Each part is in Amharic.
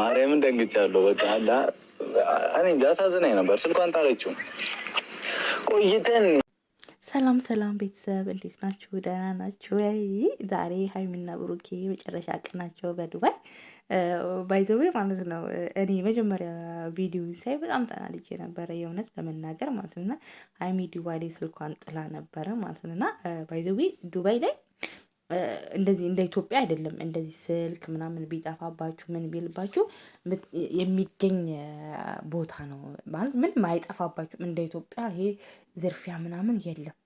ማርያምን ደንግጫለሁ። በቃ እኔ አሳዝናኝ ነበር። ስልኳን ጣለችው ቆይተን። ሰላም ሰላም ቤተሰብ እንዴት ናችሁ? ደህና ናችሁ ወይ? ዛሬ ሀይሚና ብሩኬ መጨረሻ ቀናቸው በዱባይ ባይዘዌ ማለት ነው። እኔ መጀመሪያ ቪዲዮን ሳይ በጣም ተናድጄ ነበረ የእውነት ለመናገር ማለት ነውና ሀይሚ ዱባይ ላይ ስልኳን ጥላ ነበረ ማለት ነውና ባይዘዌ ዱባይ ላይ እንደዚህ እንደ ኢትዮጵያ አይደለም። እንደዚህ ስልክ ምናምን ቢጠፋባችሁ ምን ቢልባችሁ የሚገኝ ቦታ ነው ማለት ምንም አይጠፋባችሁም። እንደ ኢትዮጵያ ይሄ ዝርፊያ ምናምን የለም።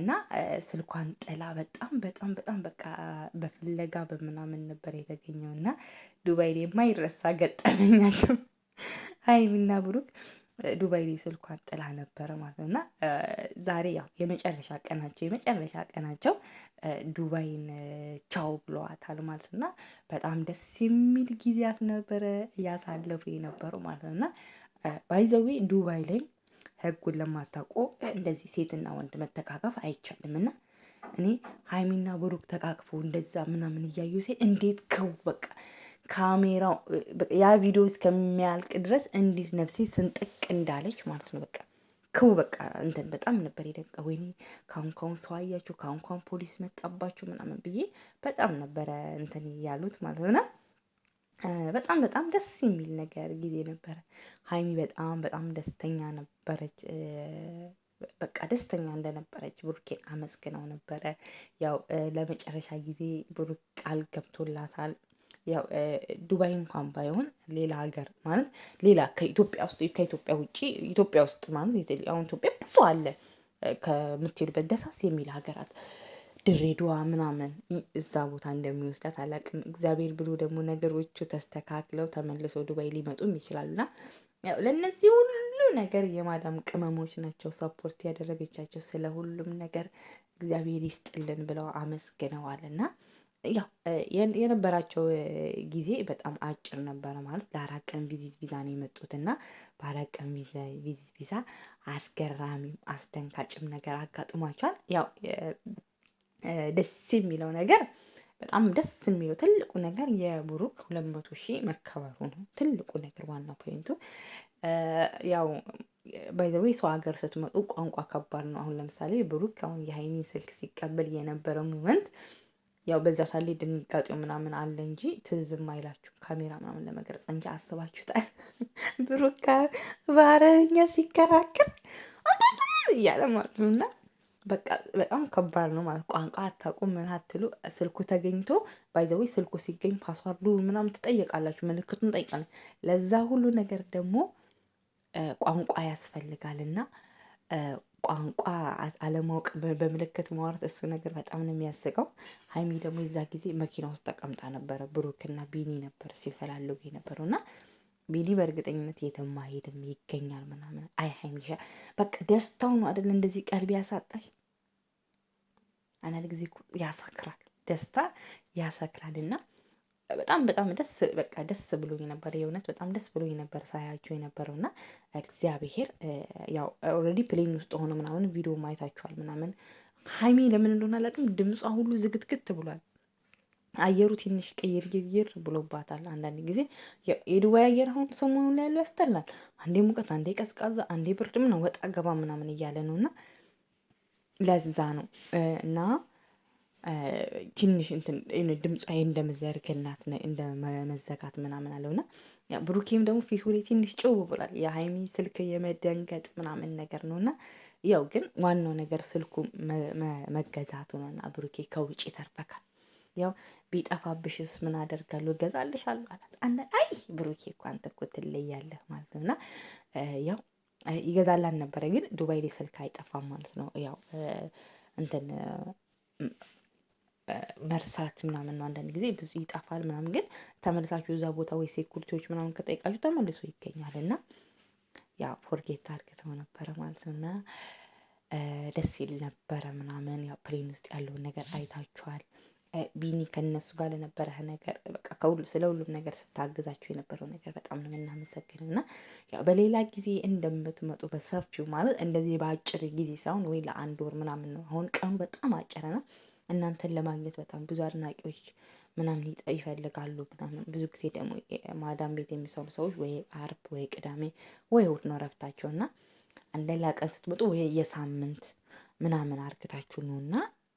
እና ስልኳን ጥላ በጣም በጣም በጣም በቃ በፍለጋ በምናምን ነበር የተገኘው እና ዱባይ የማይረሳ ገጠመኛቸው ሀይሚና ብሩክ ዱባይ ላይ ስልኳን ጥላ ነበረ ማለት ነው። እና ዛሬ ያው የመጨረሻ ቀናቸው የመጨረሻ ቀናቸው ዱባይን ቻው ብለዋታል ማለት ነው። እና በጣም ደስ የሚል ጊዜያት ነበረ እያሳለፉ የነበሩ ማለት ነው። እና ባይ ዱባይ ላይ ህጉን ለማታውቁ እንደዚህ ሴትና ወንድ መተቃቀፍ አይቻልም። እና እኔ ሀይሚና ብሩክ ተቃቅፎ እንደዛ ምናምን እያዩ ሴ እንዴት ከው በቃ ካሜራው ያ ቪዲዮ እስከሚያልቅ ድረስ እንዴት ነፍሴ ስንጥቅ እንዳለች ማለት ነው። በቃ ክቡ በቃ እንትን በጣም ነበር የደቀ ወይኔ ካሁን ካሁን ሰው አያችሁ፣ ካሁን ካሁን ፖሊስ መጣባችሁ ምናምን ብዬ በጣም ነበረ እንትን ያሉት ማለት ነው። በጣም በጣም ደስ የሚል ነገር ጊዜ ነበረ። ሀይሚ በጣም በጣም ደስተኛ ነበረች። በቃ ደስተኛ እንደነበረች ብሩኬን አመስግነው ነበረ። ያው ለመጨረሻ ጊዜ ብሩክ ቃል ገብቶላታል። ዱባይ እንኳን ባይሆን ሌላ ሀገር ማለት ሌላ ከኢትዮጵያ ውስጥ ከኢትዮጵያ ውጭ ኢትዮጵያ ውስጥ ማለት አሁን ኢትዮጵያ ብዙ አለ ከምትሄዱበት ደሳስ የሚል ሀገራት ድሬዳዋ ምናምን እዛ ቦታ እንደሚወስዳት አላቅም። እግዚአብሔር ብሎ ደግሞ ነገሮቹ ተስተካክለው ተመልሰው ዱባይ ሊመጡም ይችላሉና ያው ለእነዚህ ሁሉ ነገር የማዳም ቅመሞች ናቸው ሰፖርት ያደረገቻቸው። ስለ ሁሉም ነገር እግዚአብሔር ይስጥልን ብለው አመስግነዋል። ና ያው የነበራቸው ጊዜ በጣም አጭር ነበረ። ማለት ለአራት ቀን ቪዚት ቪዛ ነው የመጡት እና በአራት ቀን ቪዚት ቪዛ አስገራሚም አስደንጋጭም ነገር አጋጥሟቸዋል። ያው ደስ የሚለው ነገር በጣም ደስ የሚለው ትልቁ ነገር የብሩክ ሁለት መቶ ሺህ መከበሩ ነው። ትልቁ ነገር ዋና ፖይንቱ ያው ባይዘዌ ሰው ሀገር ስትመጡ ቋንቋ ከባድ ነው። አሁን ለምሳሌ ብሩክ አሁን የሀይሚን ስልክ ሲቀበል የነበረው ሞመንት ያው በዚያ ሳሌ ድንጋጤው ምናምን አለ እንጂ ትዝም አይላችሁ ካሜራ ምናምን ለመቅረጽ እንጂ አስባችሁታል። ብሩካ ባረኛ ሲከራከር እያለ ማለት ነው። እና በቃ በጣም ከባድ ነው ማለት ቋንቋ አታውቁም ምን አትሉ። ስልኩ ተገኝቶ ባይዘዊ ስልኩ ሲገኝ ፓስዋርዱ ምናምን ትጠየቃላችሁ፣ ምልክቱን ጠይቃለ። ለዛ ሁሉ ነገር ደግሞ ቋንቋ ያስፈልጋል እና ቋንቋ አለማወቅ በምልክት ማውራት እሱ ነገር በጣም ነው የሚያስቀው። ሀይሚ ደግሞ የዛ ጊዜ መኪና ውስጥ ተቀምጣ ነበረ። ብሩክና ቢኒ ነበር ሲፈላለጉ የነበረው እና ቢኒ በእርግጠኝነት የትም አይሄድም ይገኛል ምናምን። አይ ሀይሚሻ በቃ ደስታው ነው አይደል እንደዚህ ቀልብ ያሳጣል። አንዳንድ ጊዜ ያሰክራል፣ ደስታ ያሰክራል እና በጣም በጣም ደስ በቃ ደስ ብሎኝ ነበር። የእውነት በጣም ደስ ብሎኝ ነበር ሳያቸው የነበረው እና እግዚአብሔር ያው ኦልሬዲ ፕሌን ውስጥ ሆኖ ምናምን ቪዲዮ ማየታችኋል ምናምን ሀይሜ ለምን እንደሆነ አላውቅም፣ ድምጿ ሁሉ ዝግትግት ብሏል። አየሩ ትንሽ ቀይር ይር ብሎባታል። አንዳንድ ጊዜ የዱባይ አየር አሁን ሰሞኑን ላይ ያለው ያስጠላል። አንዴ ሙቀት፣ አንዴ ቀዝቃዛ፣ አንዴ ብርድም ነው ወጣ ገባ ምናምን እያለ ነው እና ለዛ ነው እና ትንሽ እንትን ድምፃዬ እንደመዘርግናት እንደመዘጋት ምናምን አለውና ብሩኬም ደግሞ ፊቱ ላይ ትንሽ ጭው ብሏል። የሀይሚ ስልክ የመደንገጥ ምናምን ነገር ነውና ያው ግን ዋናው ነገር ስልኩ መገዛቱ ነውና እና ብሩኬ ከውጭ ተርፈካል። ያው ቢጠፋብሽስ ምን አደርጋለሁ እገዛልሻለሁ አላት። አንድ አይ ብሩኬ እኮ አንተ እኮ ትለያለህ ማለት ነውና ያው ይገዛላን ነበረ ግን ዱባይ ላይ ስልክ አይጠፋም ማለት ነው ያው እንትን መርሳት ምናምን ነው። አንዳንድ ጊዜ ብዙ ይጠፋል ምናምን፣ ግን ተመልሳችሁ እዛ ቦታ ወይ ሴኩሪቲዎች ምናምን ከጠይቃችሁ ተመልሶ ይገኛል እና ያ ፎርጌት አድርገተው ነበረ ማለት ነው እና ደስ ይል ነበረ ምናምን። ያው ፕሌን ውስጥ ያለውን ነገር አይታችኋል። ቢኒ ከነሱ ጋር ለነበረ ነገር በቃ ከሁሉ ስለ ሁሉም ነገር ስታግዛቸው የነበረው ነገር በጣም ነው የምናመሰግን እና ያው በሌላ ጊዜ እንደምትመጡ በሰፊው ማለት እንደዚህ በአጭር ጊዜ ሳይሆን ወይ ለአንድ ወር ምናምን ነው። አሁን ቀኑ በጣም አጭር ነው። እናንተን ለማግኘት በጣም ብዙ አድናቂዎች ምናምን ይፈልጋሉ ምናምን። ብዙ ጊዜ ደግሞ ማዳም ቤት የሚሰሩ ሰዎች ወይ አርብ ወይ ቅዳሜ ወይ እሑድ ነው እረፍታቸው እና አንደላ ቀን ስትመጡ ወይ የሳምንት ምናምን አርግታችሁ ነው እና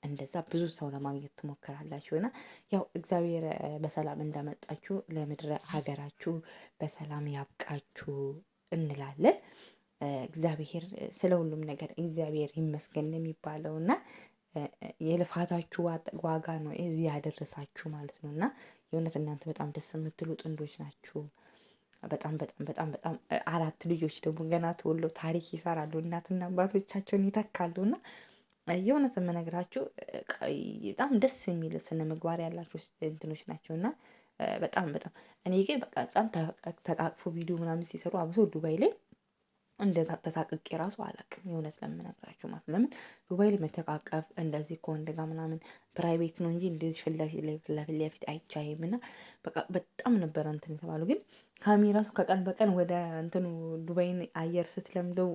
እንደዛ ብዙ ሰው ለማግኘት ትሞክራላችሁ እና ያው እግዚአብሔር በሰላም እንዳመጣችሁ ለምድረ ሀገራችሁ በሰላም ያብቃችሁ እንላለን። እግዚአብሔር ስለ ሁሉም ነገር እግዚአብሔር ይመስገን የሚባለው እና የልፋታችሁ ዋጋ ነው እዚህ ያደረሳችሁ ማለት ነው። እና የእውነት እናንተ በጣም ደስ የምትሉ ጥንዶች ናችሁ። በጣም በጣም በጣም በጣም አራት ልጆች ደግሞ ገና ተወሎ ታሪክ ይሰራሉ እናትና አባቶቻቸውን ይተካሉ። እና የእውነት የምነግራችሁ በጣም ደስ የሚል ስነ ምግባር ያላችሁ እንትኖች ናቸው። እና በጣም በጣም እኔ ግን በጣም ተቃቅፎ ቪዲዮ ምናምን ሲሰሩ አብሶ ዱባይ ላይ እንደዛ ተሳቅቄ ራሱ አላቅም። የእውነት ለምነግራችሁ ማለት ለምን ዱባይ ላይ መተቃቀፍ እንደዚህ ከወንድ ጋ ምናምን ፕራይቬት ነው እንጂ እንደዚህ ፊት ለፊት አይቻይም። እና በጣም ነበረ እንትን የተባሉ ግን ካሚ ራሱ ከቀን በቀን ወደ እንትኑ ዱባይን አየር ስትለምደው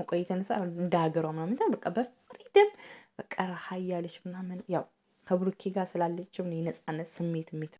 መቆየት የተነሳ እንደ ሀገሯ ምናምን በቃ በፍሪደም በቃ ረሀ እያለች ምናምን ያው ከብሩኬ ጋር ስላለችም የነጻነት ስሜት